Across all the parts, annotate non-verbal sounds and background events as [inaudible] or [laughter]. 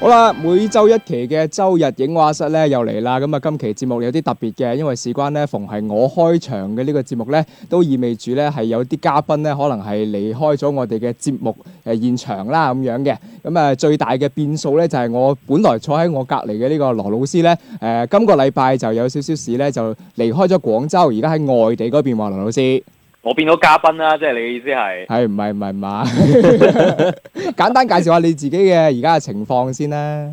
好啦，每周一期嘅周日影畫室咧又嚟啦。咁啊，今期節目有啲特別嘅，因為事關咧，逢係我開場嘅呢個節目咧，都意味住咧係有啲嘉賓咧可能係離開咗我哋嘅節目誒現場啦咁樣嘅。咁啊，最大嘅變數咧就係、是、我本來坐喺我隔籬嘅呢個羅老師咧，誒、呃，今個禮拜就有少少事咧就離開咗廣州，而家喺外地嗰邊喎，羅老師。我變咗嘉賓啦，即係你嘅意思係？係唔係唔係唔係，簡單介紹下你自己嘅而家嘅情況先啦。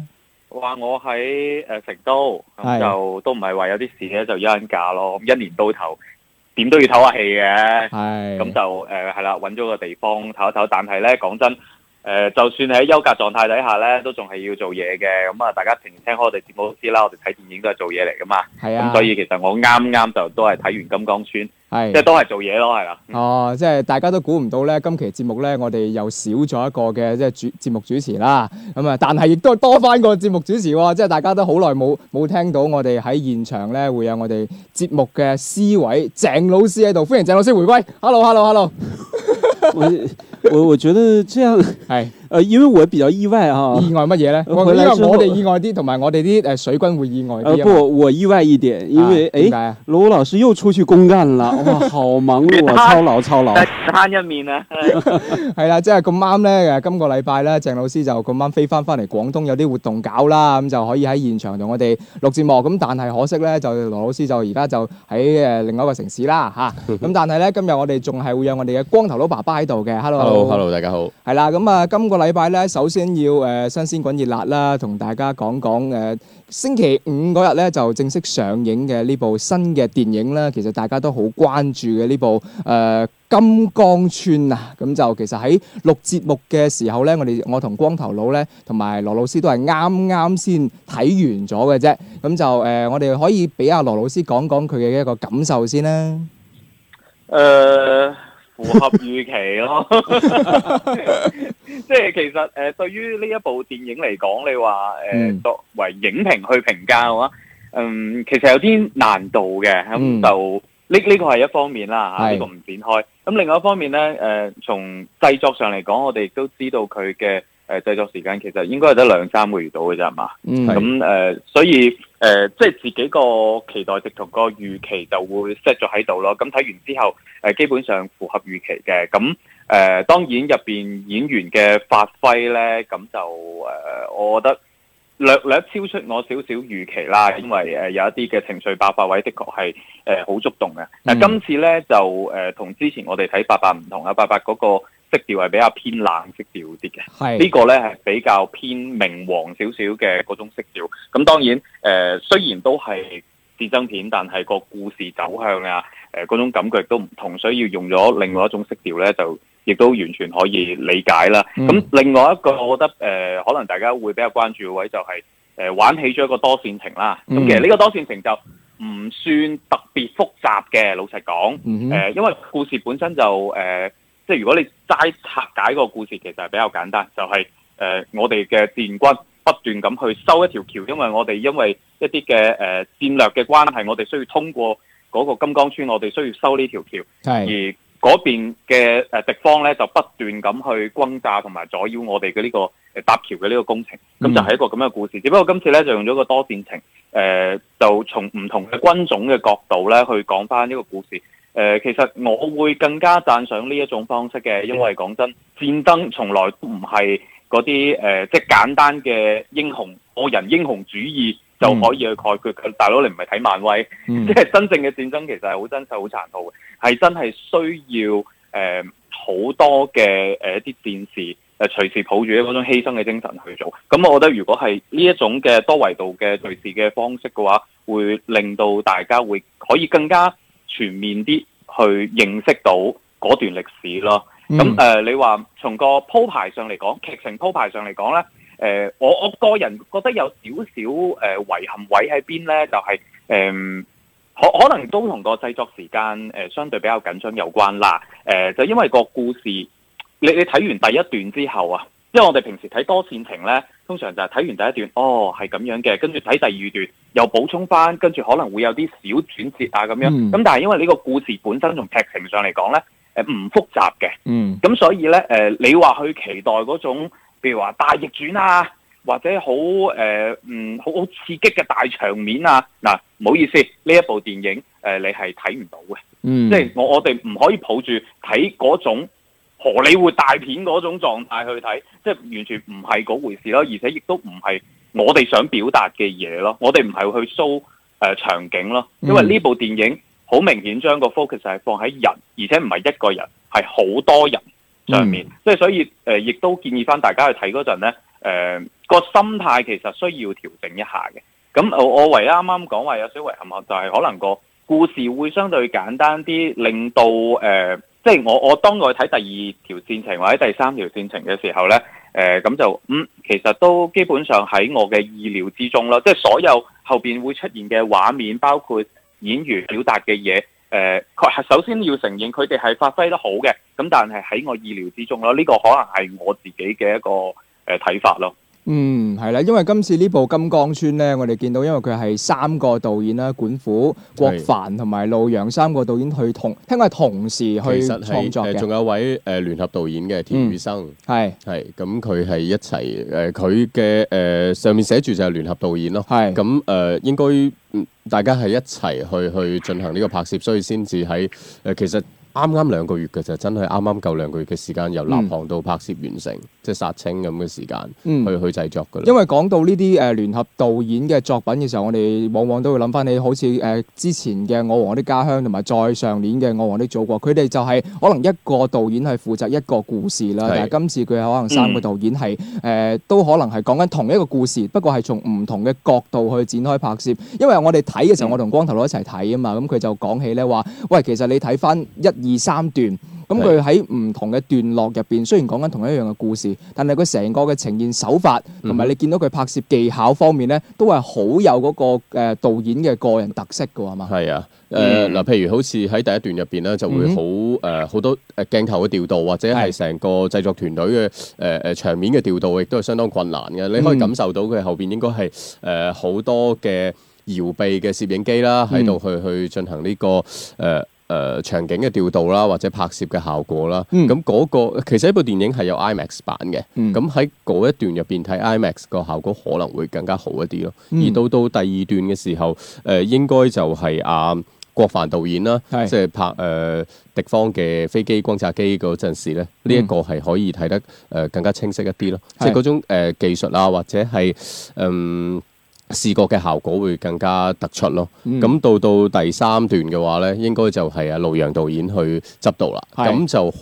話我喺誒成都，就都唔係話有啲事咧，就休緊假咯。一年到頭點都要唞下氣嘅，咁是的 就誒係啦，揾、呃、咗個地方唞一唞。但係咧講真、呃，就算喺休假狀態底下咧，都仲係要做嘢嘅。咁啊，大家平時聽開我哋節目時啦，我哋睇電影都係做嘢嚟噶嘛。係啊。咁所以其實我啱啱就都係睇完《金剛川》。係，即係都係做嘢咯，係啦。哦，即係大家都估唔到咧，今期節目咧，我哋又少咗一個嘅，即係主節目主持啦。咁啊，但係亦都多翻個節目主持喎。即係大家都好耐冇冇聽到我哋喺現場咧，會有我哋節目嘅司儀鄭老師喺度。歡迎鄭老師回歸。Hello，Hello，Hello。我我我覺得這樣，哎。誒，因為我比較意外啊！意外乜嘢咧？我因為我哋意外啲，同埋我哋啲誒水軍會意外啲。誒、呃，不，我意外一點，因為誒，羅、啊欸、老師又出去公幹啦， [laughs] 哇，好忙碌啊，操勞操勞。攤一面啊，係 [laughs] [laughs] 啦，即係咁啱咧，今個禮拜咧，鄭老師就咁啱飛翻翻嚟廣東，有啲活動搞啦，咁就可以喺現場同我哋錄節目。咁但係可惜咧，就羅老師就而家就喺誒另外一個城市啦，吓。咁但係咧，今日我哋仲係會有我哋嘅光頭佬爸爸喺度嘅。Hello，Hello，大家好。係啦，咁啊，今個禮。禮拜咧，首先要誒新鮮滾熱辣啦，同大家講講誒星期五嗰日咧就正式上映嘅呢部新嘅電影啦。其實大家都好關注嘅呢部誒《金剛川》啊。咁就其實喺錄節目嘅時候咧，我哋我同光頭佬咧同埋羅老師都係啱啱先睇完咗嘅啫。咁就誒，我哋可以俾阿羅老師講講佢嘅一個感受先啦。誒。符合預期咯，即係 [laughs] [laughs] [laughs] 其實誒、呃，對於呢一部電影嚟講，你話誒、呃、作為影評去評價嘅話，嗯，其實有啲難度嘅，咁、嗯嗯、就呢呢、呢個係一方面啦，呢是個唔展開。咁另外一方面咧，誒、呃，從製作上嚟講，我哋亦都知道佢嘅。誒，製作、呃、時間其實應該係得兩三個月到嘅啫，係嘛？嗯，咁誒那的、呃，所以誒、呃，即係自己個期待值同個預期就會 set 咗喺度咯。咁睇完之後，誒、呃，基本上符合預期嘅。咁誒、呃，當然入邊演員嘅發揮咧，咁就誒、呃，我覺得略略超出我少少預期啦。因為誒、呃，有一啲嘅情緒爆發位的確係誒好觸動嘅。嗱、嗯，但今次咧就誒，同、呃、之前我哋睇八佰唔同啦，八佰嗰個。色調係比較偏冷色調啲嘅，呢個咧係比較偏明黃少少嘅嗰種色調。咁當然，誒、呃、雖然都係戰爭片，但係個故事走向啊，誒、呃、嗰種感覺都唔同，所以用咗另外一種色調咧，就亦都完全可以理解啦。咁、嗯、另外一個，我覺得誒、呃，可能大家會比較關注嘅位就係、是，誒、呃、玩起咗一個多線程啦。咁、嗯、其實呢個多線程就唔算特別複雜嘅，老實講，誒、嗯哼呃、因為故事本身就誒。呃即係如果你齋拆解個故事，其實係比較簡單，就係、是、誒、呃、我哋嘅戰軍不斷咁去修一條橋，因為我哋因為一啲嘅誒戰略嘅關係，我哋需要通過嗰個金剛川，我哋需要修是呢條橋。係而嗰邊嘅誒敵方咧，就不斷咁去轟炸同埋阻撓我哋嘅呢個誒搭橋嘅呢個工程。咁就係一個咁嘅故事。嗯、只不過今次咧就用咗個多線程，誒、呃、就從唔同嘅軍種嘅角度咧去講返呢個故事。誒、呃，其實我會更加讚賞呢一種方式嘅，因為講真，戰爭從來都唔係嗰啲誒、即係簡單嘅英雄個人英雄主義就可以去概括、嗯、大佬你唔係睇漫威，嗯、即係真正嘅戰爭其實係好真實、好殘酷嘅，係真係需要誒好、呃、多嘅一啲戰士誒、呃、隨時抱住嗰種犧牲嘅精神去做。咁、嗯、我覺得如果係呢一種嘅多維度嘅隨時嘅方式嘅話，會令到大家會可以更加，全面啲去認識到嗰段歷史咯。咁誒、呃，你話從個鋪排上嚟講，劇情鋪排上嚟講呢，誒、呃，我我個人覺得有少少誒、呃、遺憾位喺邊呢？就係、是、誒、呃、可可能都同個製作時間誒、呃、相對比較緊張有關啦。誒、呃，就因為個故事，你你睇完第一段之後啊。即係我哋平時睇多線程咧，通常就係睇完第一段，哦係咁樣嘅，跟住睇第二段又補充翻，跟住可能會有啲小轉折啊咁樣。咁、嗯、但係因為呢個故事本身從劇情上嚟講咧，誒、呃、唔複雜嘅。嗯。咁所以咧，誒、呃、你話去期待嗰種，譬如話大逆轉啊，或者好誒、呃，嗯，好好刺激嘅大場面啊，嗱、呃，唔好意思，呢一部電影誒、呃、你係睇唔到嘅。嗯、即係我我哋唔可以抱住睇嗰種。荷里活大片嗰種狀態去睇，即係完全唔係嗰回事咯，而且亦都唔係我哋想表達嘅嘢咯。我哋唔係去 show 誒、呃、場景咯，因為呢部電影好明顯將個 focus 係放喺人，而且唔係一個人，係好多人上面。即係、嗯、所以誒亦、呃、都建議翻大家去睇嗰陣咧，誒、呃那個心態其實需要調整一下嘅。咁我我唯一啱啱講話有稍微遺憾，就係可能個故事會相對簡單啲，令到誒。呃即係我我當我睇第二條線程或者第三條線程嘅時候呢，誒、呃、咁就嗯，其實都基本上喺我嘅意料之中咯。即係所有後邊會出現嘅畫面，包括演員表達嘅嘢，誒、呃，首先要承認佢哋係發揮得好嘅。咁但係喺我意料之中咯，呢、這個可能係我自己嘅一個誒睇、呃、法咯。嗯，係啦，因為今次這部呢部《金剛川》咧，我哋見到因為佢係三個導演啦，管虎、郭帆同埋路陽三個導演去同，聽，講係同時去創作嘅，仲、呃、有一位誒、呃、聯合導演嘅田宇生，係、嗯，係，咁佢係一齊誒，佢嘅誒上面寫住就係聯合導演咯，係是，咁誒、呃、應該大家係一齊去去進行呢個拍攝，所以先至喺誒其實。啱啱兩個月嘅就真係啱啱夠兩個月嘅時間，由立項到拍攝完成，嗯、即係殺青咁嘅時間、嗯、去去製作㗎。因為講到呢啲誒聯合導演嘅作品嘅時候，我哋往往都會諗翻起好似誒、呃、之前嘅《我和我的家鄉》同埋再上年嘅《我和我的祖國》他們就是，佢哋就係可能一個導演係負責一個故事啦，是但係今次佢可能三個導演係誒、嗯呃、都可能係講緊同一個故事，不過係從唔同嘅角度去展開拍攝。因為我哋睇嘅時候，嗯、我同光頭佬一齊睇啊嘛，咁佢就講起咧話，喂，其實你睇翻一二三段，咁佢喺唔同嘅段落入邊，是雖然講緊同一樣嘅故事，但係佢成個嘅呈現手法，同埋、嗯、你見到佢拍攝技巧方面咧，都係好有嗰個誒導演嘅個人特色噶，係嘛？係啊，誒、呃、嗱，譬、嗯呃、如好似喺第一段入邊咧，就會好誒好多誒鏡頭嘅調度，或者係成個製作團隊嘅誒誒場面嘅調度，亦都係相當困難嘅。你可以感受到佢後邊應該係誒好多嘅搖臂嘅攝影機啦，喺度去、嗯、去進行呢、這個誒。呃誒、呃、場景嘅調度啦，或者拍攝嘅效果啦，咁嗰、嗯那個其實一部電影係有 IMAX 版嘅，咁喺嗰一段入邊睇 IMAX 個效果可能會更加好一啲咯。嗯、而到到第二段嘅時候，誒、呃、應該就係、是、阿、嗯、郭帆導演啦，即係是拍誒、呃、敵方嘅飛機轟炸機嗰陣時咧，呢、這、一個係可以睇得誒、呃、更加清晰一啲咯，即係嗰種、呃、技術啊，或者係嗯。呃視覺嘅效果會更加突出咯。咁到到第三段嘅話咧，應該就係阿路陽導演去執導啦。咁就好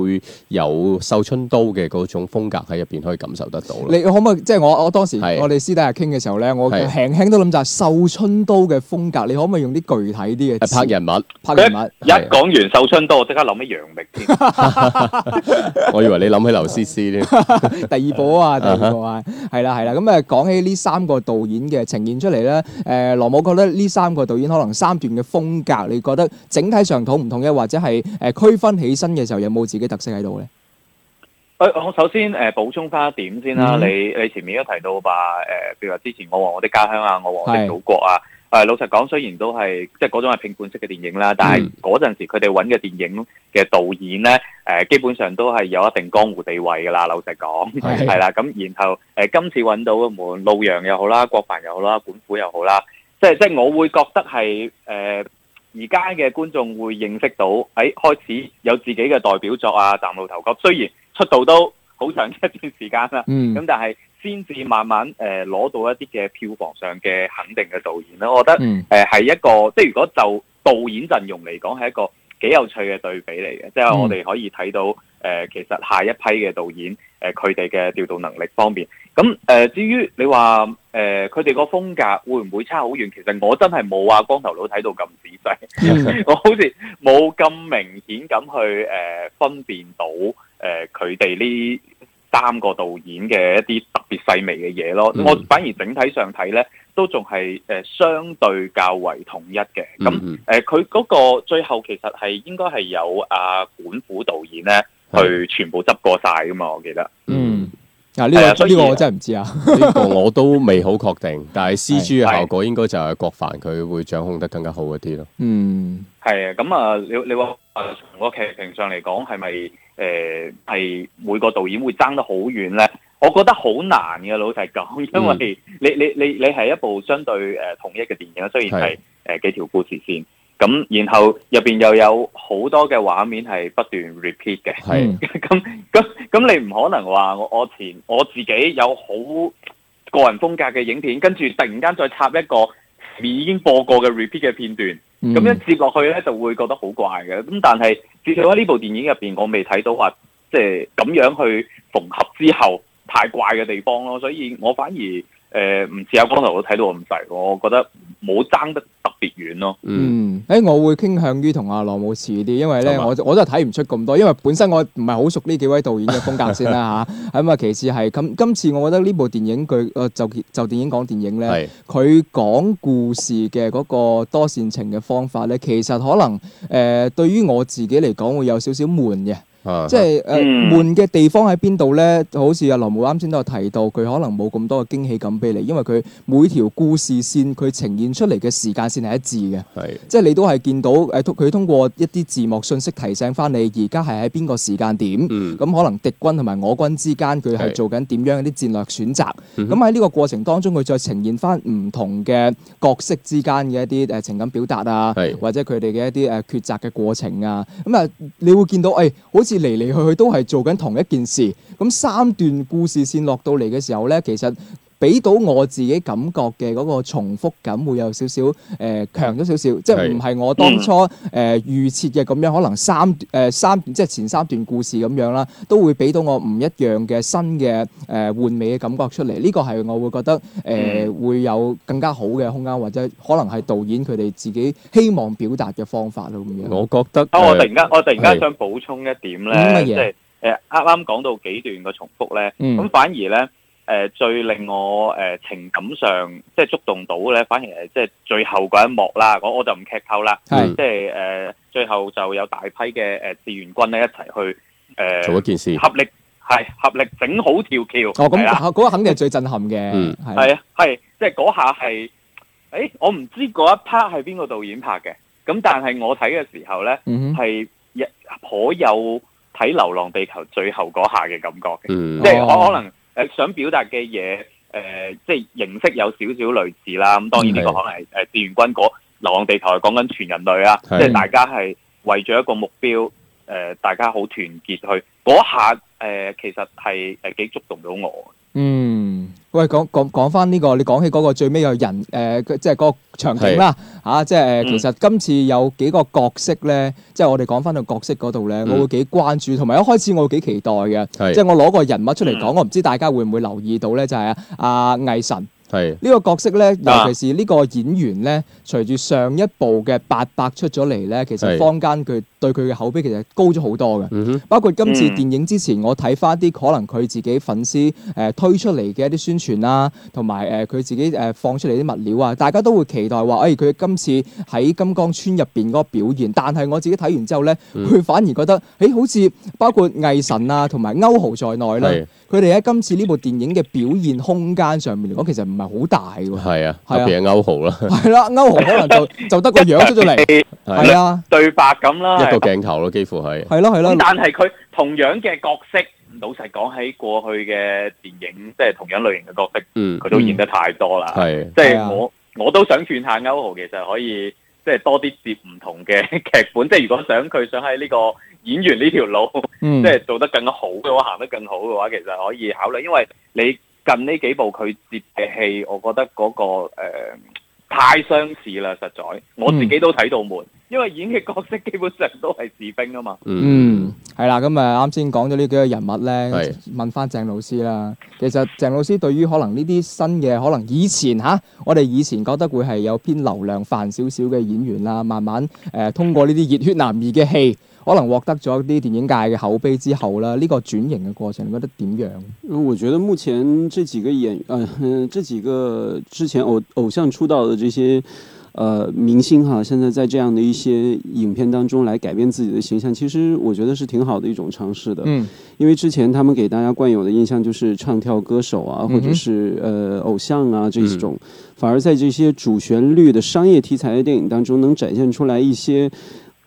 會有《繡春刀》嘅嗰種風格喺入邊可以感受得到。你可唔可以即係我我當時我哋私底下傾嘅時候咧，我輕輕都諗就係《繡春刀》嘅風格。你可唔可以用啲具體啲嘅？拍人物，拍人物。一講完《繡春刀》，我即刻諗起楊冪添。我以為你諗起劉詩詩添。第二部啊，第二部啊，係啦係啦。咁誒講起呢三個導演。嘅呈現出嚟咧，誒羅姆覺得呢三個導演可能三段嘅風格，你覺得整體上統唔統一，或者係誒區分起身嘅時候有冇自己特色喺度呢？誒，我首先誒補充翻一點先啦，你你前面都提到吧，誒，譬如話之前《我和我的家鄉》啊，《我和我的祖國》啊。誒，老實講，雖然都係即係嗰種係拼本式嘅電影啦，但係嗰陣時佢哋揾嘅電影嘅導演咧，誒、呃，基本上都係有一定江湖地位噶啦。老實講，係啦的，咁然後誒、呃，今次揾到啊門，路陽又好啦，郭帆又好啦，管虎又好啦，即係即係我會覺得係誒，而家嘅觀眾會認識到喺、哎、開始有自己嘅代表作啊，嶄露頭角，雖然出道都好長一段時間啦，咁但係。先至慢慢誒攞、呃、到一啲嘅票房上嘅肯定嘅導演，我覺得誒係、嗯呃、一個，即係如果就導演陣容嚟講，係一個幾有趣嘅對比嚟嘅，即係、嗯、我哋可以睇到誒、呃、其實下一批嘅導演誒佢哋嘅調度能力方面，咁、嗯、誒、呃、至於你話誒佢哋個風格會唔會差好遠？其實我真係冇話光頭佬睇到咁仔細，嗯、 [laughs] 我好似冇咁明顯咁去誒、呃、分辨到誒佢哋呢？呃三個導演嘅一啲特別細微嘅嘢咯，我反而整體上睇咧，都仲係誒相對較為統一嘅。咁誒，佢嗰個最後其實係應該係有阿管虎導演咧，的去全部執過晒噶嘛，我記得。嗯，啊呢、呢個呢個我真係唔知啊。呢 [laughs] 個我都未好確定，但係 C G 嘅效果應該就係郭凡佢會掌控得更加好一啲咯。嗯，係啊，咁啊，你你話從個劇情上嚟講係咪？是不是誒，係、呃、每個導演會爭得好遠呢？我覺得好難嘅，老實講，因為你你你你係一部相對誒統、呃、一嘅電影，雖然係誒是的、呃、幾條故事線，咁、嗯、然後入邊又有好多嘅畫面係不斷 repeat 嘅，係咁咁咁，你唔可能話我我前我自己有好個人風格嘅影片，跟住突然間再插一個已經播過嘅 repeat 嘅片段。咁樣、嗯、接落去咧就會覺得好怪嘅，咁但係至少喺呢部電影入面，我未睇到話即係咁樣去縫合之後太怪嘅地方咯，所以我反而。誒，唔似，呃、阿光頭我睇到咁細，我覺得冇爭得特別遠咯。嗯、誒、欸，我會傾向於同阿羅姆似啲，因為咧嗎，我我都係睇唔出咁多，因為本身我唔係好熟呢幾位導演嘅風格先啦吓。咁 [laughs] 啊，其次係今今次我覺得呢部電影佢誒、呃、就就電影講電影咧，佢講是故事嘅嗰個多線程嘅方法咧，其實可能誒、呃、對於我自己嚟講會有少少悶嘅。即係誒悶嘅地方喺邊度咧？就好似阿羅浩啱先都有提到，佢可能冇咁多嘅驚喜感俾你，因為佢每條故事線佢呈現出嚟嘅時間線係一致嘅。係是，即係你都係見到誒佢、啊，通過一啲字幕信息提醒翻你而家係喺邊個時間點，嗯，咁可能敵軍同埋我軍之間佢係做緊點樣嘅一啲戰略選擇，咁喺呢個過程當中，佢再呈現翻唔同嘅角色之間嘅一啲誒情感表達啊，是或者佢哋嘅一啲誒、啊、抉擇嘅過程啊。咁啊，你會見到誒、哎、好似。嚟嚟去去都係做緊同一件事，咁三段故事線落到嚟嘅時候咧，其實。俾到我自己感覺嘅嗰個重複感會有少少誒強咗少少，是即係唔係我當初誒、嗯呃、預設嘅咁樣，可能三誒、呃、三即係前三段故事咁樣啦，都會俾到我唔一樣嘅新嘅誒換味嘅感覺出嚟。呢個係我會覺得誒、呃嗯、會有更加好嘅空間，或者可能係導演佢哋自己希望表達嘅方法咯咁樣。我覺得啊，我突然間、呃、我突然間想補充一點咧，即係誒啱啱講到幾段嘅重複咧，咁、嗯、反而咧。誒、呃，最令我誒、呃、情感上即係觸動到咧，反而係即係最後嗰一幕啦。我我就唔劇透啦，是即係誒、呃、最後就有大批嘅誒、呃、志願軍咧一齊去誒、呃、做一件事，合力係合力整好條橋。哦，咁嗰啦個肯定係最震撼嘅。嗯，係啊是，係即係嗰下係誒、欸，我唔知嗰一 part 係邊個導演拍嘅。咁但係我睇嘅時候咧，係一頗有睇《流浪地球》最後嗰下嘅感覺嘅，嗯、即係我可能。誒、呃、想表達嘅嘢，誒、呃、即係形式有少少類似啦。咁當然呢個可能係誒志願軍嗰流浪地球講緊全人類啊，的即係大家係為咗一個目標，誒、呃、大家好團結去嗰下，誒、呃、其實係誒幾觸動到我。嗯，喂，講講講翻呢個，你講起嗰個最尾嘅人，誒、呃，即係嗰個場景啦，吓是、啊，即係、呃、其實今次有幾個角色咧，即係我哋講翻到角色嗰度咧，我會幾關注，同埋、嗯、一開始我會幾期待嘅，是即係我攞個人物出嚟講，嗯、我唔知大家會唔會留意到咧，就係、是、啊阿魏晨。係呢個角色咧，尤其是呢個演員咧，隨住上一部嘅《八佰》出咗嚟咧，其實坊間佢對佢嘅口碑其實高咗好多嘅。包括今次電影之前，我睇翻一啲可能佢自己粉絲誒推出嚟嘅一啲宣傳啦，同埋誒佢自己誒放出嚟啲物料啊，大家都會期待話，誒佢今次喺金剛川入邊嗰個表現。但係我自己睇完之後咧，佢反而覺得，誒好似包括魏晨啊同埋歐豪在內啦，佢哋喺今次呢部電影嘅表現空間上面嚟講，其實唔。唔係好大喎，係啊，特別係歐豪啦，係啦，歐豪可能就就得個樣出咗嚟，係啊，對白咁啦，一個鏡頭咯，幾乎係係咯係咯。但係佢同樣嘅角色，老實講喺過去嘅電影，即係同樣類型嘅角色，佢都演得太多啦，係，即係我我都想勸下歐豪，其實可以即係多啲接唔同嘅劇本，即係如果想佢想喺呢個演員呢條路，即係做得更好嘅話，行得更好嘅話，其實可以考慮，因為你。近呢幾部佢接嘅戲，我覺得嗰、那個、呃、太相似啦，實在我自己都睇到悶，因為演嘅角色基本上都係士兵啊嘛。嗯，係啦、嗯，咁啊啱先講咗呢幾個人物咧，的問翻鄭老師啦。其實鄭老師對於可能呢啲新嘅，可能以前吓，我哋以前覺得會係有偏流量範少少嘅演員啦，慢慢誒、呃、通過呢啲熱血男兒嘅戲。可能獲得咗啲電影界嘅口碑之後啦，呢、這個轉型嘅過程，你覺得點樣？我覺得目前呢幾個演，呃，呢幾個之前偶偶像出道嘅這些，呃，明星哈、啊，現在在這樣的一些影片當中來改變自己嘅形象，其實我覺得是挺好嘅一種嘗試的。嗯，因為之前他們給大家慣有嘅印象就是唱跳歌手啊，或者是呃偶像啊這種，嗯、反而在這些主旋律嘅商業題材嘅電影當中，能展現出來一些。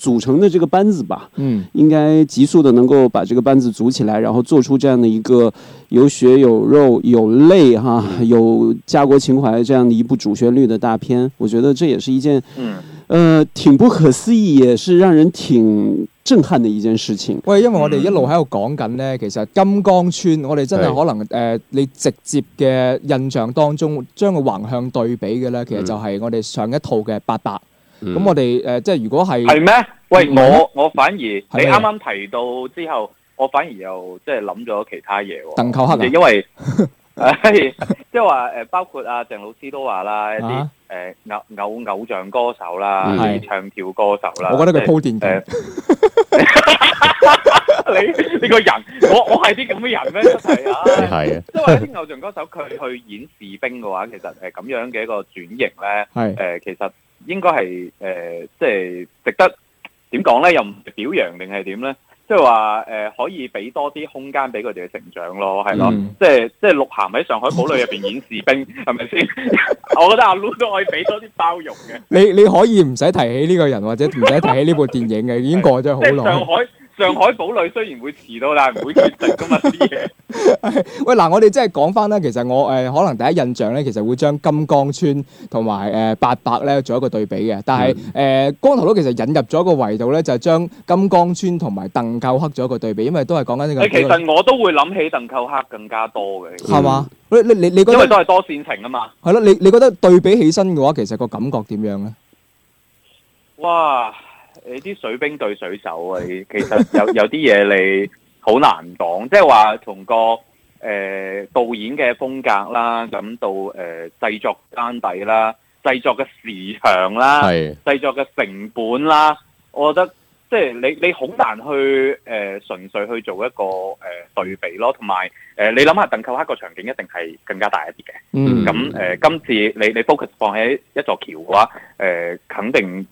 組成的這個班子吧，嗯，應該急速的能夠把這個班子組起來，然後做出這樣的一個有血有肉有淚哈、嗯啊，有家國情懷這樣的一部主旋律的大片，我覺得這也是一件，嗯，呃，挺不可思議，也是讓人挺震撼的一件事情。喂，因為我哋一路喺度講緊呢，嗯、其實《金剛川》我哋真係可能誒是、呃，你直接嘅印象當中，將佢橫向對比嘅呢，其實就係我哋上一套嘅《八佰》。咁我哋誒，即係如果係係咩？喂，我我反而你啱啱提到之後，我反而又即係諗咗其他嘢喎。鄧寇克嘅，因為即係話誒，包括阿鄭老師都話啦，一啲誒偶偶偶像歌手啦，啲唱跳歌手啦，我覺得佢鋪墊。你你個人，我我係啲咁嘅人咩？係啊，即係話啲偶像歌手佢去演士兵嘅話，其實誒咁樣嘅一個轉型咧，係誒其實。應該係誒、呃，即係值得點講咧？又唔表揚定係點咧？即係話誒，可以俾多啲空間俾佢哋嘅成長咯，係咯？嗯、即係即係鹿晗喺上海堡壘入邊演士兵，係咪先？我覺得阿 Loo 都可以俾多啲包容嘅。你你可以唔使提起呢個人，或者唔使提起呢部電影嘅， [laughs] 已經過咗好耐。上海堡壘雖然會遲到，但係唔會缺席噶嘛啲嘢。喂，嗱，我哋即係講翻咧，其實我誒可能第一印象咧，其實會將金剛川同埋誒八佰咧做一個對比嘅。但係誒，光頭佬其實引入咗一個維度咧，就係將金剛川同埋鄧寇克做一個對比，因為都係講緊呢個。誒，其實我都會諗起鄧寇克更加多嘅。係嘛？你你你你覺得？因為都係多線程啊嘛。係咯，你你覺得對比起身嘅話，其實個感覺點樣咧？哇！你啲水兵對水手啊！其實有有啲嘢你好難講，即係話從個誒、呃、導演嘅風格啦，咁到誒製、呃、作根底啦，製作嘅時長啦，係製作嘅成本啦，是我覺得即係、就是、你你好難去誒純、呃、粹去做一個誒、呃、對比咯，同埋誒你諗下鄧寇克個場景一定係更加大一啲嘅。嗯，咁誒、呃、今次你你 focus 放喺一座橋嘅話，誒、呃、肯定。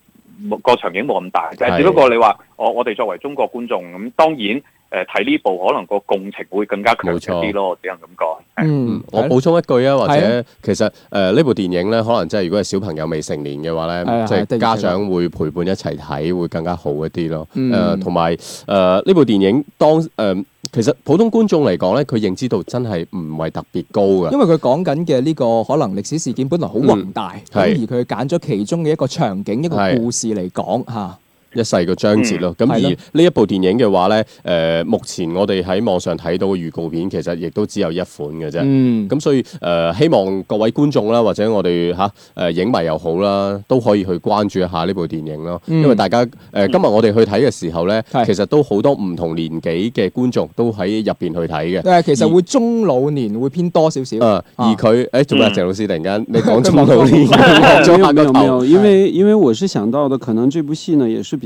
個場景冇咁大，但係只不過你話是、哦、我我哋作為中國觀眾咁、嗯、當然誒，睇呢部可能個共情會更加強啲咯，只能咁講。嗯，的我補充一句啊，或者的其實誒呢、呃、部電影咧，可能真、就、係、是、如果係小朋友未成年嘅話咧，即係的家長會陪伴一齊睇會更加好一啲咯。誒、嗯，同埋誒呢部電影當誒、呃，其實普通觀眾嚟講咧，佢認知度真係唔係特別高噶。因為佢講緊嘅呢個可能歷史事件本來好宏大，咁、嗯、而佢揀咗其中嘅一個場景一個故事嚟講吓。一世嘅章節咯，咁、嗯、而呢一部電影嘅話咧，誒、嗯呃、目前我哋喺網上睇到嘅預告片其實亦都只有一款嘅啫。咁、嗯嗯、所以誒、呃，希望各位觀眾啦，或者我哋嚇誒影迷又好啦，都可以去關注一下呢部電影咯。因為大家誒、呃、今日我哋去睇嘅時候咧，其實都好多唔同年紀嘅觀眾都喺入邊去睇嘅。誒，其實會中老年會偏多少少。嗯、而佢誒，唔係、啊，謝、欸嗯、老師突然間你講中老年，沒有沒有，因為因為我是想到的，可能這部戲呢也是比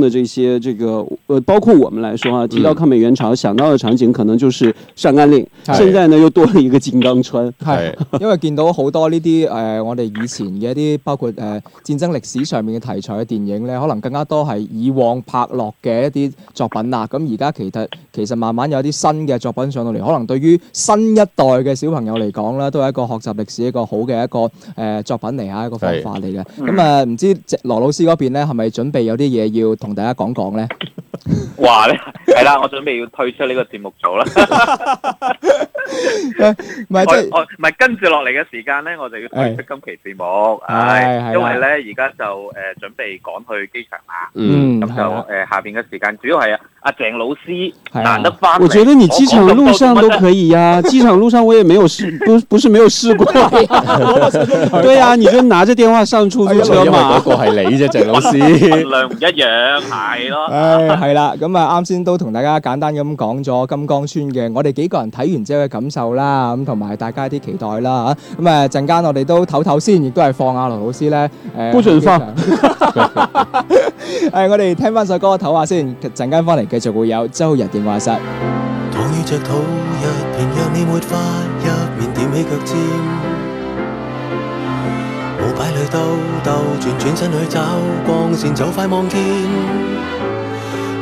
的、這個呃、包括我們來說啊，提到抗美援朝想到的場景，可能就是上甘嶺。嗯、現在呢，又多是了一個金剛川。係是， [laughs] 因為見到好多呢啲，誒、呃，我哋以前嘅一啲，包括誒、呃、戰爭歷史上面嘅題材嘅電影呢，可能更加多係以往拍落嘅一啲作品啦。咁而家其實其實慢慢有啲新嘅作品上到嚟，可能對於新一代嘅小朋友嚟講呢，都係一個學習歷史一個好嘅一個誒、呃、作品嚟啊，一個方法嚟嘅。咁啊是，唔、嗯嗯、知道羅老師嗰邊呢，係咪準備有啲嘢要？同大家講講咧。哇咧係啦，我準備要退出呢個節目組啦。唔係即係，唔係跟住落嚟嘅時間咧，我就要退出今期節目。唉，因為咧而家就誒準備趕去機場啦。嗯，咁就誒下邊嘅時間主要係阿鄭老師，難得返。我覺得你機場路上都可以啊，機場路上我也沒有試，不不是沒有試過。對啊，你就拿着電話上出租車嘛。嗰個係你啫，鄭老師。量唔一樣，係咯。啦咁啊，啱先都同大家簡單咁講咗《金剛川》嘅我哋幾個人睇完之後嘅感受啦，咁同埋大家一啲期待啦嚇。咁啊，陣間我哋都唞唞先，亦都係放阿羅老師咧。潘俊峰，誒，我哋聽翻首歌唞下先。陣間翻嚟繼續會有周日電話室。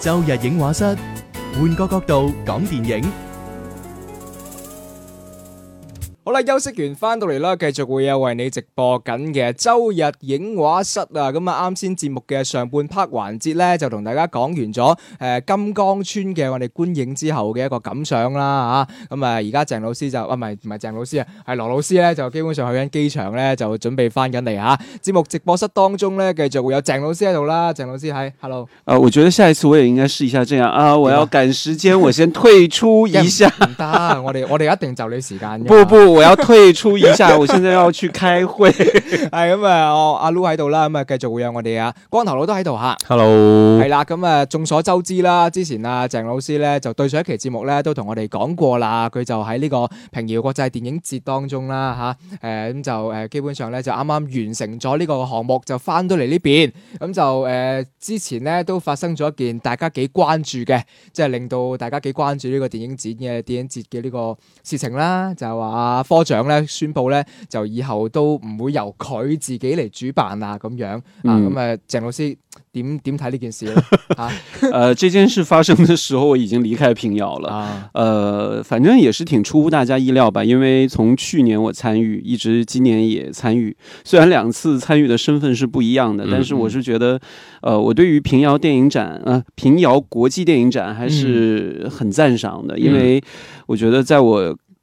周日影畫室，換個角度講電影。休息完翻到嚟啦，繼續會有為你直播緊嘅周日影畫室啊！咁啊，啱先節目嘅上半 part 環節咧，就同大家講完咗誒、呃、金剛川嘅我哋觀影之後嘅一個感想啦吓。咁啊，而家鄭老師就啊，唔係唔係鄭老師啊，係羅老師咧，就基本上去緊機場咧，就準備翻緊嚟吓。節目直播室當中咧，繼續會有鄭老師喺度啦。鄭老師喺，Hello。誒、啊，我覺得下一次我也應該試一下這樣啊！我要趕時間，我先退出一下。 [laughs] 得 [laughs] 我哋我哋一定就你時間。不我退出一下，我現在要去開會。係咁、 [laughs] [laughs] 嗯、啊，阿 Lu 喺度啦，咁、嗯、啊繼續歡迎我哋啊，光頭佬都喺度吓。Hello，係啦、嗯。咁啊、嗯，眾所周知啦，之前啊鄭老師咧就對上一期節目咧都同我哋講過啦，佢就喺呢個平遙國際電影節當中啦吓。誒、啊、咁、嗯、就誒、呃，基本上咧就啱啱完成咗呢個項目，就翻到嚟呢邊。咁、嗯、就誒、呃，之前咧都發生咗一件大家幾關注嘅，即、就、係、是、令到大家幾關注呢個電影展嘅電影節嘅呢個事情啦，就係話啊獎咧宣布咧，就以後都唔會由佢自己嚟主辦啊咁樣啊咁、嗯、啊，鄭老師點點睇呢件事咧？誒 [laughs] 、呃，這件事發生的時候， [laughs] 我已經離開平遙了。啊。呃，反正也是挺出乎大家意料吧？因為從去年我參與，一直今年也參與，雖然兩次參與的身份是不一樣的，嗯、但是我是覺得，呃，我對於平遙電影展啊、呃，平遙國際電影展還是很讚賞的，嗯、因為我覺得在我。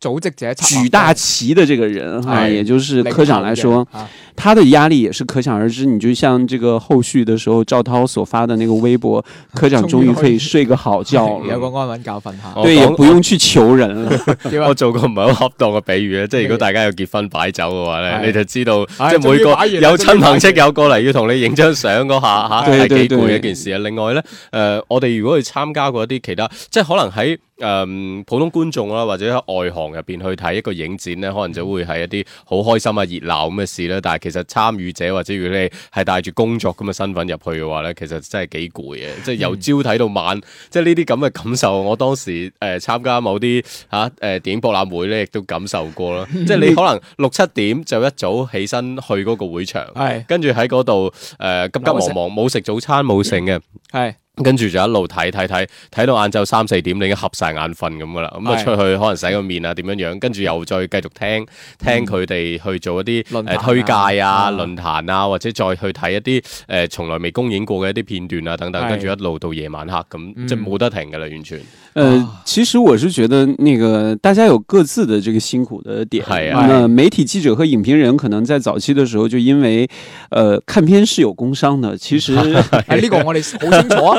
組織者舉大旗的這個人哈，是也就是科長來說，的啊、他的壓力也是可想而知。你就像這個後續的時候，趙濤所發的那個微博，科長終於可以睡個好覺，有個安穩覺瞓下，對，也不用去求人了。我，說 [laughs] 我做個唔係好恰當嘅比喻咧，即係如果大家有結婚擺酒嘅話咧，是你就知道是即係每個有親朋戚友過嚟，要同你影張相嗰下吓，係幾攰一件事啊。另外咧，誒、呃，我哋如果去參加過一啲其他，即係可能喺誒、呃、普通觀眾啦，或者喺外行。入邊去睇一個影展咧，可能就會係一啲好開心啊、熱鬧咁嘅事啦。但係其實參與者或者如果你係帶住工作咁嘅身份入去嘅話咧，其實真係幾攰嘅，即係、嗯、由朝睇到晚，即係呢啲咁嘅感受。我當時誒參、呃、加某啲吓誒電影博覽會咧，亦都感受過啦。嗯、即係你可能六七點就一早起身去嗰個會場，係跟住喺嗰度誒急急忙忙冇食早餐冇醒嘅，係。跟住就一路睇睇睇，睇到晏晝三四點，你已經合晒眼瞓咁噶啦。咁啊出去是的 可能洗個面啊，點樣樣，跟住又再繼續聽聽佢哋去做一啲推介啊，論壇啊，啊或者再去睇一啲誒從來未公映過嘅一啲片段啊等等，是的 跟住一路到夜晚黑，咁、嗯、即冇得停噶啦，完全。誒、呃，其實我是覺得，那個大家有各自的這個辛苦的點。係啊，媒體記者和影評人可能在早期的時候就因為，誒、呃，看片是有工傷的。其實呢個我哋好清楚啊。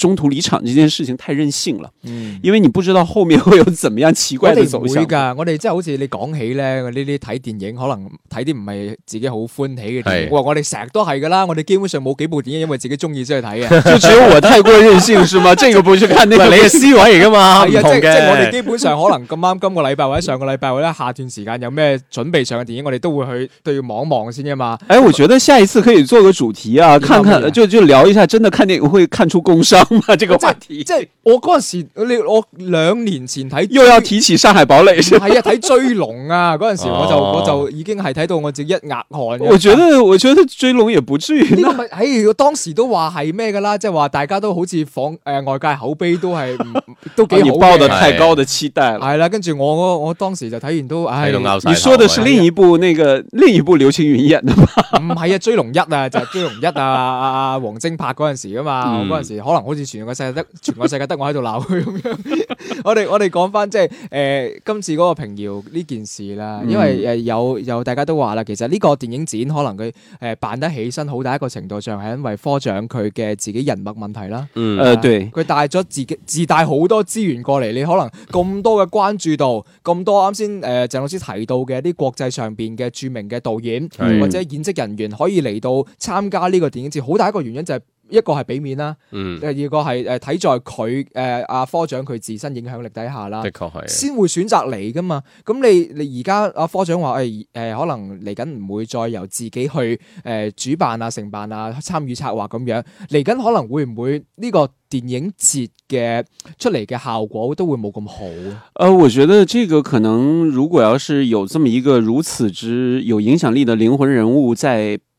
中途離場，呢件事情太任性了，嗯、因為你不知道後面會有怎麼樣奇怪的走勢。我哋噶，我哋即係好似你講起咧，呢啲睇電影可能睇啲唔係自己好歡喜嘅電影。我我哋成日都係噶啦，我哋基本上冇幾部電影因為自己中意先去睇嘅。最主要我太過任性是嘛，即 [laughs] 個要補充翻個 [laughs] 喂 [laughs] 你嘅思維嚟噶嘛，即係即係我哋基本上可能咁啱今個禮拜或者上個禮拜或者下段時間有咩準備上嘅電影，我哋都會去對要望望先啫嘛。誒，我覺得下一次可以做個主題啊，看看就就聊一下，真的看電影會看出工傷。 [laughs] 這個話題即，即係我嗰陣時，你我兩年前睇，又要提起《上海堡壘》。係啊，睇《追龍》啊，嗰陣 [laughs] 時我就、Oh. 我就已經係睇到我自己一額汗了我。我覺得我覺得《追龍》也不至於呢咪喺當時都話係咩噶啦，即係話大家都好似仿誒外界口碑都係都幾好嘅。 [laughs] 你抱得太高的期待係啦、 [laughs] 啊，跟住我我，我當時就睇完都唉，哎、 [laughs] 你說的是另一部呢、那個 [laughs] 另一部流《流星雨一唔係啊，追龍啊《就是、追龍一啊》啊就《追龍一》啊阿阿王晶拍嗰陣時噶嘛，嗰陣時可能好似。全個世界得，全個世界得我喺度鬧佢咁樣，我哋我哋講翻即係、呃、今次嗰個平遙呢件事啦，因為、呃、有有大家都話啦，其實呢個電影展可能佢誒、呃、辦得起身，好大一個程度上係因為科長佢嘅自己人脈問題啦。嗯佢吧、呃、帶咗自己自帶好多資源過嚟，你可能咁多嘅關注度，咁 [laughs] 多啱先誒鄭老師提到嘅啲國際上面嘅著名嘅導演的或者演職人員可以嚟到參加呢個電影節，好大一個原因就係、是。一個係俾面啦，第二個係誒睇在佢誒阿科長佢自身影響力底下啦，的確係先會選擇你㗎嘛。咁你你而家阿科長話誒誒可能嚟緊唔會再由自己去誒、呃、主辦啊、承辦啊、參與策劃咁樣，嚟緊可能會唔會呢個電影節嘅出嚟嘅效果都會冇咁好。誒、呃，我覺得這個可能如果要是有咁樣一個如此之有影響力的靈魂人物在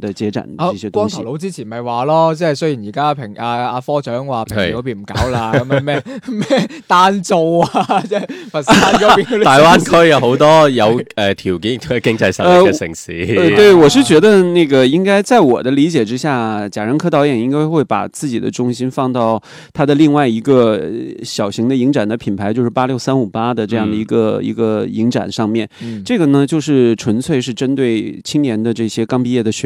的接展這些東西，啊，好光頭佬之前咪話咯，即係雖然而家平阿阿，啊啊，科長話平時嗰邊唔搞啦，咁樣咩咩單做啊，即係佛山嗰邊，大，啊、灣區有好多有誒條、 [laughs] 呃、件經濟實力嘅城市，呃呃。對我是覺得，那個應該在我的理解之下，賈樟柯導演應該會把自己的重心放到他的另外一個小型的影展的品牌，就是八六三五八的這樣的，一個，嗯、一個影展上面。嗯，這個呢，就是純粹是針對青年的這些剛畢業的學。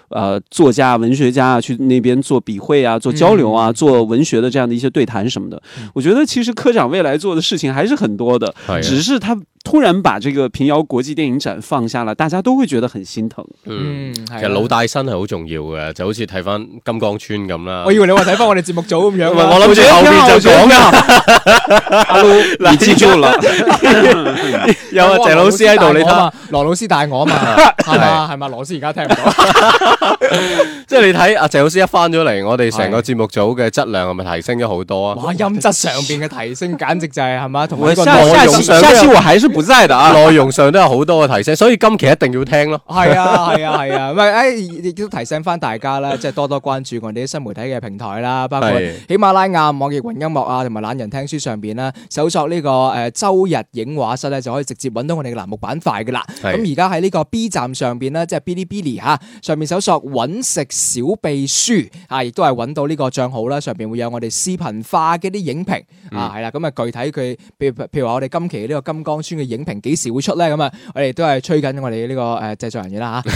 呃作家、文學家啊，去那邊做筆會啊，做交流啊，做文學的這樣的一些對談什麼的，我覺得其實科長未來做的事情還是很多的，只是他突然把這個平遙國際電影展放下了，大家都會覺得很心疼。嗯，其實老帶新係好重要嘅，就好似睇翻《金剛川》咁啦。我以為你話睇翻我哋節目組咁樣，我諗住後面就講㗎。Hello，你知咗啦，有啊，謝老師喺度你睇嘛，羅老師帶我啊嘛，係嘛係嘛，羅老師而家聽唔到。 [laughs] 即係你睇阿鄭老師一翻咗嚟，我哋成個節目組嘅質量係咪提升咗好多啊？哇，音質上邊嘅提升簡直就係係嘛，同呢、 [laughs] 這個內容上邊係 superstar 啊，內容上都有好多嘅提升， [laughs] 所以今期一定要聽咯。係啊，係啊，係啊，喂，亦都提醒翻大家咧，即係多多關注我哋啲新媒體嘅平台啦，包括喜馬拉雅、網易雲音樂啊，同埋懶人聽書上邊啦，搜索呢個誒周日影畫室咧，就可以直接搵到我哋嘅欄目板塊噶啦。咁而家喺呢個 B 站上邊呢，即係 Bilibili 吓，上面搜索。搵食小秘書啊，亦都係揾到呢個帳號啦。上邊會有我哋視頻化嘅啲影評、嗯、啊，係啦。咁啊，具體佢譬如譬如話，我哋今期呢個金剛川嘅影評幾時會出咧？咁啊，我哋都係催緊我哋呢、呢個誒、呃、製作人員啦嚇。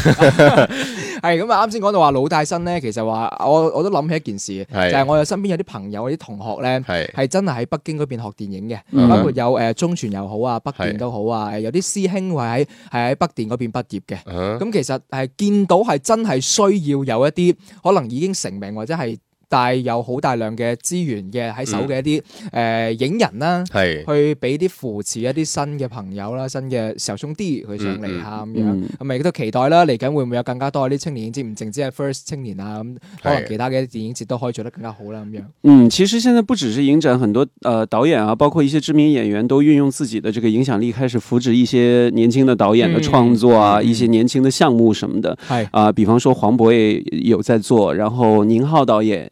係咁啊，啱先講到話老大新咧，其實話我我都諗起一件事，是 就係我有身邊有啲朋友、啲同學咧，係是 真係喺北京嗰邊學電影嘅，嗯、包括有誒、呃、中傳又好啊，北電都好啊，是 有啲師兄係喺係喺北電嗰邊畢業嘅。咁、嗯嗯、其實係見到係真係。需要有一啲可能已經成名或者係，但帶有好大量嘅資源嘅喺手嘅一啲誒、嗯呃、影人啦、啊，是去俾啲扶持一啲新嘅朋友啦，新嘅小兄弟去上嚟下咁、嗯嗯、樣，咁亦、嗯、都期待啦。嚟緊會唔會有更加多啲青年影展？唔淨止係 First 青年啊，咁可能其他嘅電影節都可以做得更加好啦咁、嗯、樣。嗯，其實現在不只是影展，很多誒、呃、導演啊，包括一些知名演員都運用自己嘅這個影響力，開始扶植一些年輕嘅導演嘅創作啊，嗯、一些年輕嘅項目什麼的。係啊是、呃，比方說黃渤也有在做，然後寧浩導演。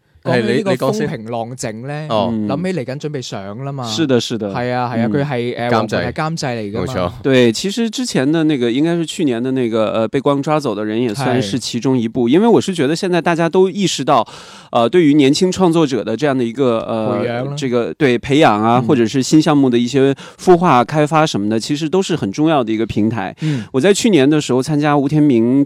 講呢個風平浪靜咧，諗起嚟緊準備上啦嘛、嗯。是的，是的，係啊，係啊，佢係誒黃渤係監製嚟噶嘛。錯對，其實之前的那個，應該是去年的那個，呃、被光抓走嘅人也算是其中一部。是因為我是覺得現在大家都意識到，誒、呃，對於年輕創作者的這樣的一個，誒、呃，這個對培養啊，或者是新項目的一些孵化、嗯、開發什麼的，其實都是很重要的一個平台。嗯、我在去年的時候參加吳天明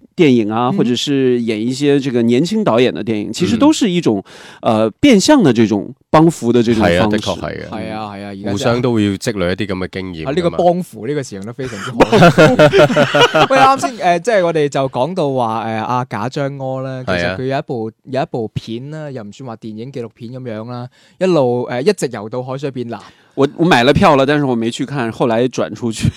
電影啊，或者是演一些這個年輕導演的電影，嗯、其實都是一種，呃，變相的這種幫扶的這種方式。係啊，係啊，啊，就是、互相都會要積累一啲咁嘅經驗。啊，呢、這個幫扶呢個形容得非常之好。 [laughs] [laughs] [laughs] 喂，啱先誒，即、呃、係、就是、我哋就講到話誒，阿賈樟柯咧，其實佢有一部、啊、有一部片啦，又唔算話電影紀錄片咁樣啦，一路誒、呃、一直游到海水變藍。.我我買了票了，但是我沒去看，後來轉出去。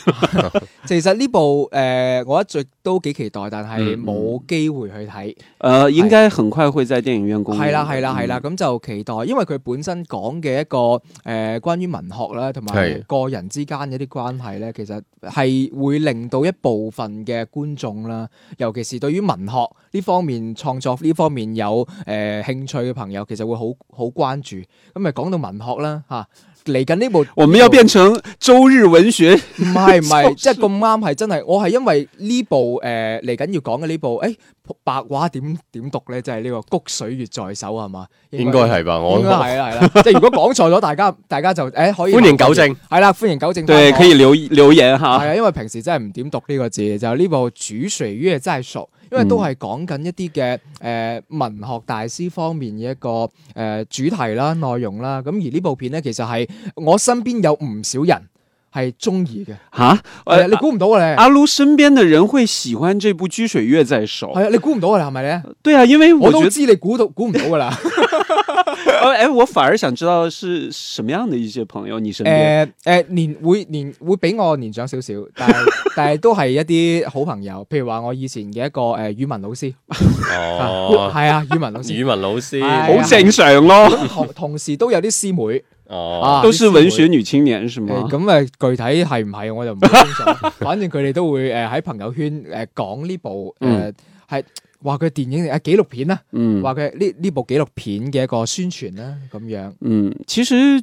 [laughs] 其實呢部誒、呃，我一直都幾期待，但係冇機會去睇。誒、嗯是呃，應該很快會在電影院公映。係啦，係啦，係啦，咁就期待，嗯、因為佢本身講嘅一個誒、呃，關於文學啦，同埋個人之間嘅一啲關係呢，其實係會令到一部分嘅觀眾啦，尤其是對於文學呢方面創作呢方面有誒、呃、興趣嘅朋友，其實會好好關注。咁咪講到文學啦，吓。嚟緊呢部，我們要變成周日文學？唔係唔係，唔係 [laughs] 即係咁啱係真係，我係因為呢部誒嚟緊要講嘅呢部，誒白話點點讀咧？即係呢、呢個掬水月在手係嘛？應該係吧，我應該係啦，即係如果講錯咗， [laughs] 大家大家就誒可以歡迎糾正係啦，歡迎糾正對可以了留，我留，留言哈，係啊，因為平時真係唔點讀呢個字，就呢部掬水月真係熟。因為都係講緊一啲嘅誒文學大師方面嘅一個誒、呃、主題啦、內容啦，咁而呢部片咧，其實係我身邊有唔少人係中意嘅。吓哈，你估唔到嘅，你！啊、阿盧身邊嘅人會喜歡這部《掬水月在手》？係啊，你估唔到嘅啦，係咪咧？對啊，因為我，我都知你估到估唔到噶啦。 [laughs] 誒，我反而想知道是什麼樣的一些朋友？你身邊誒，誒，年會年會比我年長少少，但係但係都係一啲好朋友。譬如話我以前嘅一個誒語文老師，哦，係啊，語文老師，語文老師，好正常咯。同時都有啲師妹，哦，都是文學女青年，是嗎？咁啊，具體係唔係我就唔清楚。反正佢哋都會誒喺朋友圈誒講呢部誒係。話佢電影定啊紀錄片啦，嗯話佢呢呢部紀錄片嘅一個宣傳啦咁樣，嗯，其實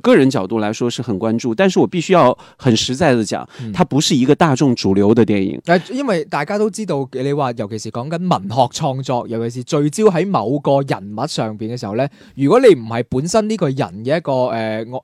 個人角度來說是很關注，但是我必須要很實在的講，它不是一個大眾主流的電影、嗯。因為大家都知道，你話尤其是講緊文學創作，尤其是聚焦喺某個人物上邊嘅時候呢，如果你唔係本身呢個人嘅一個誒、呃、我，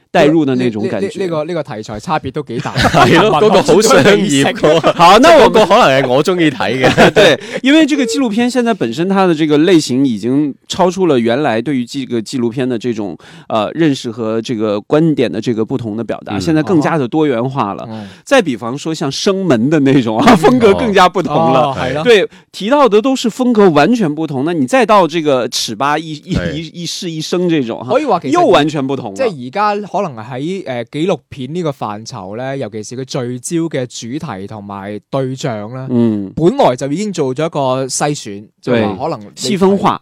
代入的那種感覺，呢個呢個題材差別都幾大，嗰個好商業。好，那我個可能係我中意睇嘅，對，因為這個紀錄片現在本身它的這個類型已經超出了原來對於這個紀錄片的這種，呃、認識和這個觀點的這個不同的表達，現在更加的多元化了。再比方說，像生門的那種啊，風格更加不同了。對，提到的都是風格完全不同。那你再到這個尺八一一一世一生這種，可以又完全不同。即係而家可能喺誒、呃、紀錄片這個呢個範疇咧，尤其是佢聚焦嘅主題同埋對象啦，嗯，本來就已經做咗一個篩選，對就話可能細分化。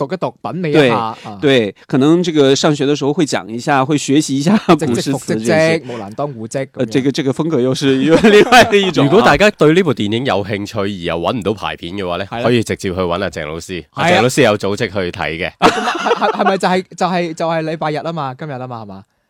讀一讀，品味一下。對，啊、對，可能這個上學的時候會講一下，會學習一下古詩詞這些。木蘭當戶織，這個這個風格又是另外一種。如果大家對呢部電影有興趣，而又揾唔到排片嘅話咧，啊、可以直接去揾阿、啊、鄭老師，啊啊、鄭老師有組織去睇嘅。係係咪就係就係就係禮拜日啊嘛，今日啊嘛係嘛？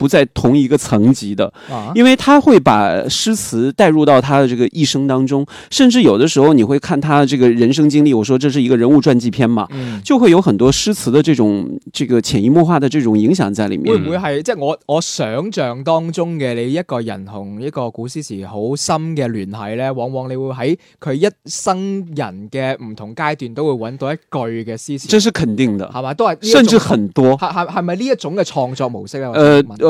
不在同一個層級的，因為他會把詩詞帶入到他的這個一生當中，甚至有的時候你會看他的這個人生經歷，我說這是一個人物傳記片嘛，嗯、就會有很多詩詞的這種這個潛移默化的這種影響在裏面。會唔會係即係我我想象當中嘅你一個人同一個古詩詞好深嘅聯繫咧？往往你會喺佢一生人嘅唔同階段都會揾到一句嘅詩詞。這是肯定的，係嘛？都係甚至很多係係係咪呢一種嘅創作模式咧？誒。呃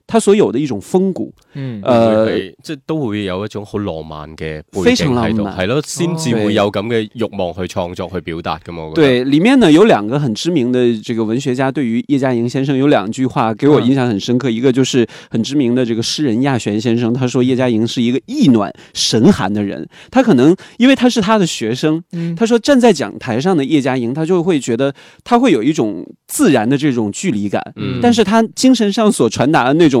他所有的一種風骨，嗯，呃，即都會有一種好浪漫嘅背景喺度，非常浪漫，係咯，先至會有咁嘅欲望去創作、去表達嘅嘛。對，裏面呢有兩個很知名的這個文學家，對於葉嘉瑩先生有兩句話給我印象很深刻。嗯，一個就是很知名的這個詩人亞璇先生，他說葉嘉瑩是一個意暖神寒的人。他可能因為他是他的學生，嗯，他說站在講台上的葉嘉瑩，他就會覺得他會有一種自然的這種距離感，嗯，但是他精神上所傳達的那種。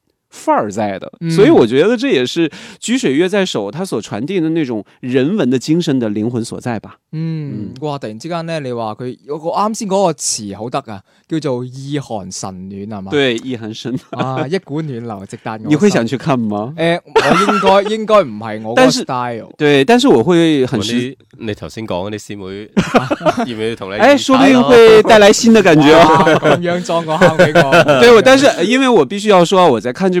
範兒在的。嗯、所以我覺得這也是掬水月在手，它所傳遞的那種人文的精神的靈魂所在吧。嗯，哇！突然之間呢，你話佢有個啱先嗰個詞好得啊，叫做意寒神暖係嘛？對，意寒神啊，一股暖流直達我。你會想去看嗎？誒、呃，我應該應該唔係我的， [laughs] 但是對，但是我會很失。你頭先講啲師妹要唔要同 [laughs] 你、啊？哎，說不定會帶來新的感覺哦。咁樣裝我。 [laughs] 對，我但是因為我必須要說，我在看這。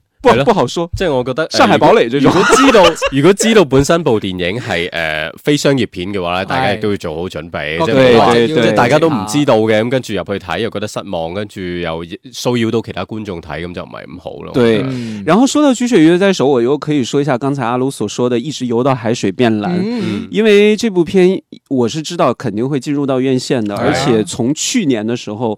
不，不好說。即係我覺得，上海堡壘如果知道，如果知道本身部電影係誒非商業片嘅話咧，大家亦都要做好準備，即係即係大家都唔知道嘅，咁跟住入去睇又覺得失望，跟住又騷擾到其他觀眾睇，咁就唔係咁好咯。對。然後說到《掬水月在手》，我又可以說一下剛才阿盧所說的，一直游到海水變藍。因為這部片我是知道肯定會進入到院線的，而且從去年的時候。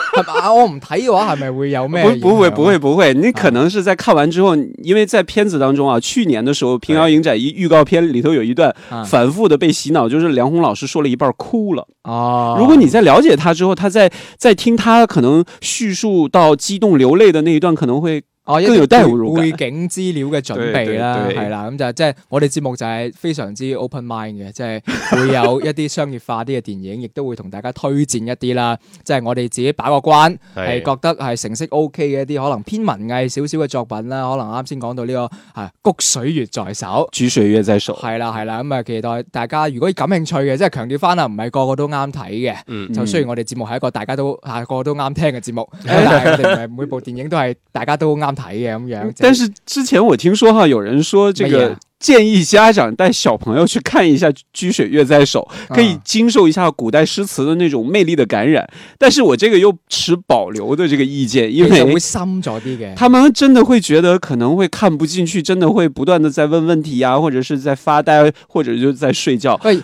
係嘛？ [laughs] 我唔睇嘅話，係咪會有咩？不，不會，不會，不會。你可能是在看完之後，啊、因為在片子當中啊，去年的時候，平遙影展一預告片裏頭有一段反復的被洗腦，就是梁紅老師說了一半哭了。哦、啊，如果你在了解他之後，他在在聽他可能敘述到激動流淚的那一段，可能會。哦，一都啲背景資料嘅準備啦，係啦，咁就即係、就是、我哋節目就係非常之 open mind 嘅，即係 [laughs] 會有一啲商業化啲嘅電影，亦 [laughs] 都會同大家推薦一啲啦。即、就、係、是、我哋自己把個關，係的覺得係成色 O K 嘅一啲可能偏文藝少少嘅作品啦。可能啱先講到呢、這個啊，掬水月在手，掬水月在手，係啦係啦。咁啊，是就期待大家如果感興趣嘅，即、就、係、是、強調翻啊，唔係個個都啱睇嘅。嗯嗯就雖然我哋節目係一個大家都啊個個都啱聽嘅節目， [laughs] 但係唔係每部電影都係大家都啱。嗯就是、但是之前我聽說哈，有人說這個建議家長帶小朋友去看一下《居水月在手》，可以經受一下古代詩詞的那種魅力的感染。嗯、但是我這個又持保留的這個意見，因為會深咗啲嘅，他們真的會覺得可能會看不進去，真的會不斷的在問問題呀、啊，或者是在發呆，或者就在睡覺。嗯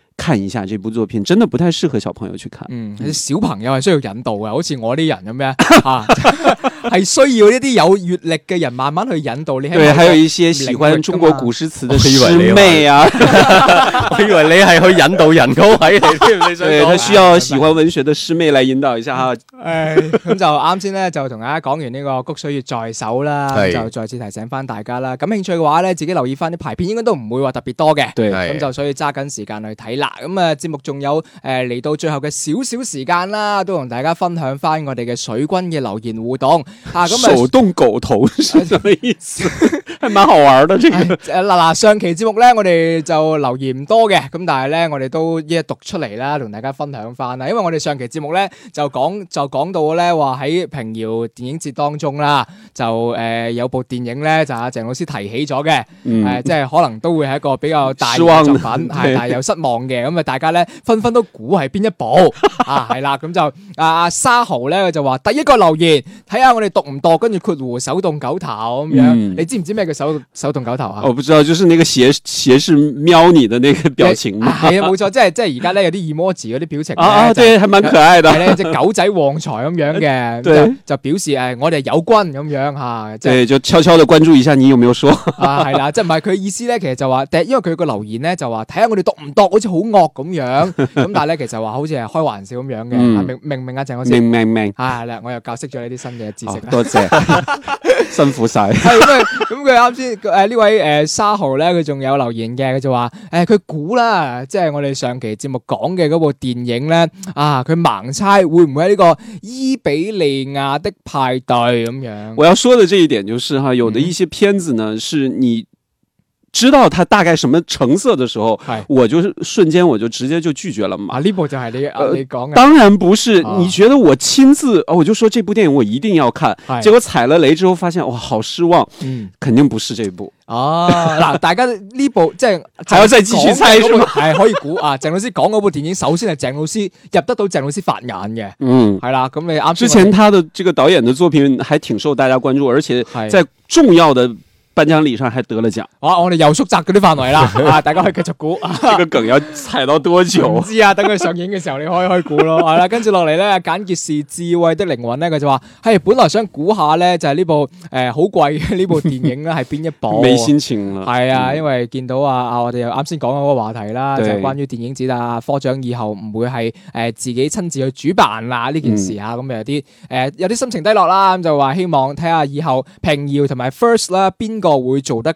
看一下這部作品，真的不太適合小朋友去看。嗯，小朋友係需要引導嘅，好似我啲人咁樣，係需要一啲有閱歷嘅人慢慢去引導你。對，還有一些喜歡中國古詩詞的師妹啊，我以為你係去引導人嘅，我以為你。對，他需要喜歡文學的師妹嚟引導一下哈。誒，咁就啱先咧，就同大家講完呢個《穀水月在手》啦，就再次提醒翻大家啦。感興趣嘅話咧，自己留意翻啲排片，應該都唔會話特別多嘅。對，咁就所以揸緊時間去睇。嗱，咁啊，節目仲有，誒，嚟到最後嘅少少時間啦，都同大家分享翻我哋嘅水軍嘅留言互動，啊，咁啊，傻東狗土，咩意思？係蠻好玩嘅，呢個，誒，嗱嗱，上期節目咧，我哋就留言唔多嘅，咁但係咧，我哋都一一讀出嚟啦，同大家分享翻啊，因為我哋上期節目咧，就講就講到咧話喺平遙電影節當中啦，就誒有部電影咧就阿鄭老師提起咗嘅，誒，即係可能都會係一個比較大嘅作品，係但係有失望。嘅咁啊，大家咧，分分都估係邊一部啊，係啦，咁就阿沙豪咧就話第一個留言，睇下我哋讀唔讀，跟住括弧手動狗頭咁樣，你知唔知咩叫手手動狗頭啊？我不知道，就是那個斜斜視瞄你的呢個表情嘛。係啊，冇錯，即係即係而家咧有啲 emoji 嗰啲表情咧就係，係蠻可愛的，即係狗仔旺財咁樣嘅，就表示誒我哋有軍咁樣吓，即係就悄悄地關注一下你有冇有說啊？係啦，即係唔係佢意思咧？其實就話，因為佢個留言咧就話睇下我哋讀唔讀，好似好。好惡咁樣，咁、 [music] 嗯、但係咧，其實話好似係開玩笑咁樣嘅、嗯，明明明啊鄭老師，明明明，係啦、啊啊，我又教識咗呢啲新嘅知識啦，多謝， [laughs] 辛苦晒。係咁， [laughs] 佢啱先誒呢位誒、呃、沙豪咧，佢仲有留言嘅，佢就話誒佢估啦，即係我哋上期節目講嘅嗰部電影咧啊，佢盲猜會唔會喺呢個伊比利亞的派對咁樣。我要說的這一點就是，哈，有的一些片子呢，是你。嗯知道他大概什麼成色的時候，我就是瞬間我就直接就拒絕了嘛、呃。啊，呢部就係你你講嘅、呃，當然不是，哦、你覺得我親自啊、哦，我就說這部電影我一定要看，哦、結果踩了雷之後發現哇，好失望。嗯，肯定不是這部啊，嗱，大家呢部即係係我真係繼續猜係 [laughs] 可以估啊。鄭老師講嗰部電影，首先係鄭老師入得到鄭老師法眼嘅、嗯。嗯，係啦，咁你啱先。之前他的這個導演的作品還挺受大家關注，而且在重要的。頒獎禮上還得了獎，啊！我哋又縮窄嗰啲範圍啦， [laughs] 啊！大家可以繼續估，呢、啊、個梗要踩到多久、啊？唔知啊，等佢上映嘅時候，你可以開估咯。係啦、 [laughs] 啊，跟住落嚟咧，簡潔是智慧的靈魂咧，佢就話：，係本來想估下咧，就係、是、呢部誒好、呃、貴嘅呢部電影咧，係邊一部？未宣傳啊？係 [laughs] 啊，因為見到啊啊，我哋又啱先講嗰個話題啦，對就係關於電影節啊，科長以後唔會係誒、呃、自己親自去主辦啦呢件事啊，咁、嗯嗯嗯呃、有啲誒有啲心情低落啦，咁就話希望睇下以後平遙同埋 First 啦邊。個會做得。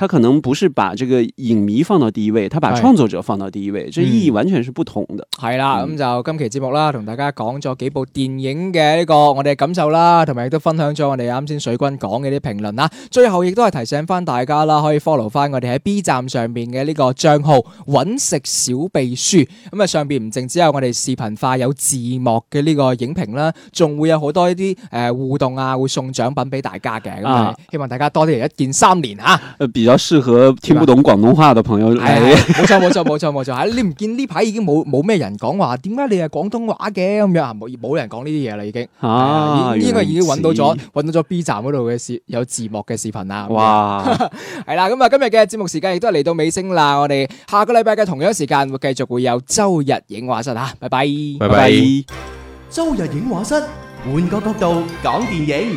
他可能不是把這個影迷，放到第一位，他把創作者放到第一位，的這意義完全是不同的。係啦、嗯，咁就今期節目啦，同大家講咗幾部電影嘅呢個我哋嘅感受啦，同埋亦都分享咗我哋啱先水軍講嘅啲評論啦。最後亦都係提醒翻大家啦，可以 follow 翻我哋喺 B 站上邊嘅呢個賬號揾食小秘書，咁啊上邊唔淨只有我哋視頻化有字幕嘅呢個影評啦，仲會有好多一啲誒互動啊，會送獎品俾大家嘅。啊，希望大家多啲人一鍵三連啊，啊、呃比較適合聽不懂廣東話嘅朋友，冇錯冇錯冇錯冇錯，吓，你唔見呢排已經冇冇咩人講話，點解你係廣東話嘅咁樣啊？冇冇人講呢啲嘢啦，已經啊，呢個已經揾到咗揾始到咗 B 站嗰度嘅視有字幕嘅視頻啦。哇，係啦，咁啊，今日嘅節目時間亦都係嚟到尾聲啦。我哋下個禮拜嘅同樣時間會繼續會有周日影畫室吓，拜拜拜拜，周拜日影畫室換個角度講電影。